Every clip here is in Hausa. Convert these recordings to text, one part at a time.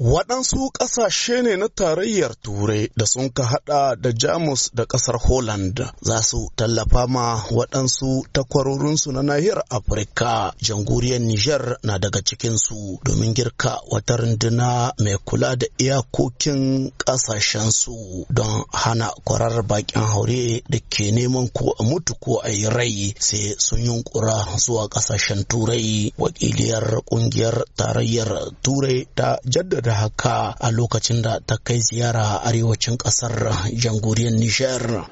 Waɗansu ƙasashe ne na tarayyar Turai da sun ka haɗa da Jamus da ƙasar Holland za su tallafa ma waɗansu takwarorinsu na nahiyar Afirka. Jamhuriyar Nijar na daga cikinsu domin girka wata runduna mai kula da iyakokin ƙasashensu don hana kwarar baƙin haure da ke neman ko a mutu ko a yi rai sai sun yunƙura zuwa ƙasashen Turai. Wakiliyar ƙungiyar tarayyar Turai ta jaddada da haka a lokacin da ta kai ziyara a arewacin ƙasar jamhuriyar Nijar.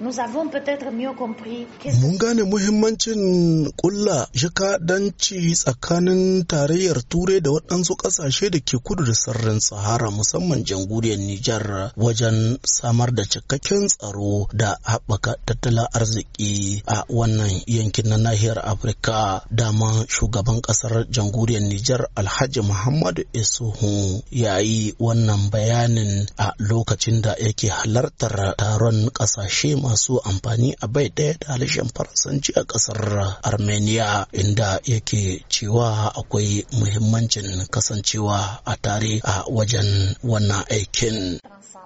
Mun gane muhimmancin kulla jakadanci tsakanin tarayyar Turai da waɗansu ƙasashe da ke kudu da sirrin Sahara musamman jamhuriyar Nijar wajen samar da cikakken tsaro da haɓaka tattalin arziki a wannan yankin na nahiyar Afirka dama shugaban ƙasar jamhuriyar Nijar Alhaji Muhammadu Isuhu ya yi wannan bayanin a lokacin da yake halartar taron ƙasashe masu amfani a bai ɗaya da harshen faransanci a ƙasar armenia inda yake cewa akwai muhimmancin kasancewa a tare a wajen wannan aikin.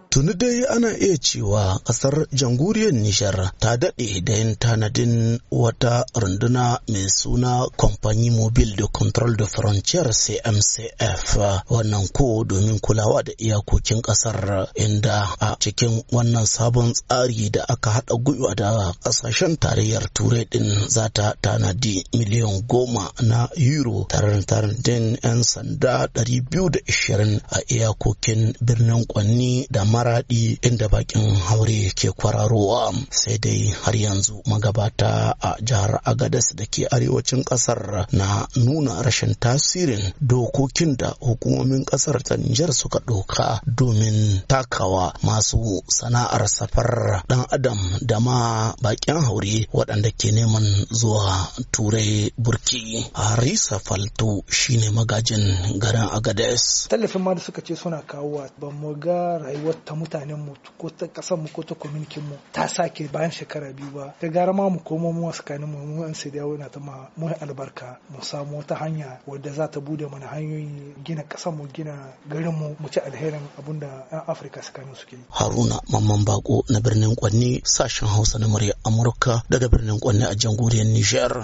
Tuni dai ana iya cewa ƙasar jamhuriyar Nishar ta daɗe da yin tanadin wata runduna mai suna Compagnie Mobile da Control da Frontier CMCF wannan ko domin kulawa da iyakokin ƙasar inda a cikin wannan sabon tsari da aka haɗa gwiwa da ƙasashen tarayyar Turai ɗin za ta tanadi miliyan goma na euro tare da 'yan sanda 220 a iyakokin birnin Kwanni da ma maradi inda bakin haure ke kwararowa sai dai har yanzu magabata a jihar agadas da ke arewacin ƙasar na nuna rashin tasirin dokokin da hukumomin ƙasar ta Nijar suka ɗauka domin takawa masu sana'ar safar ɗan adam da ma bakin haure waɗanda ke neman zuwa turai burki harisa falto shine magajin garin agades tallafin ma da suka ce suna kawo ban mu ga rayuwar ta mutanen mu ko ta kasan mu ko ta kominikin mu ta sake bayan shekara biyu ba ta gara ma mu komo mu wasu kanin mu mun sai da na ta ma mu albarka mu samu wata hanya wadda za ta bude mana hanyoyi gina kasan mu gina garin mu mu ci alherin abinda yan Afirka tsakanin suke Haruna Mamman Bako na birnin Kwanni sashen Hausa na murya Amurka daga birnin Kwanni a jamhuriyar Nijar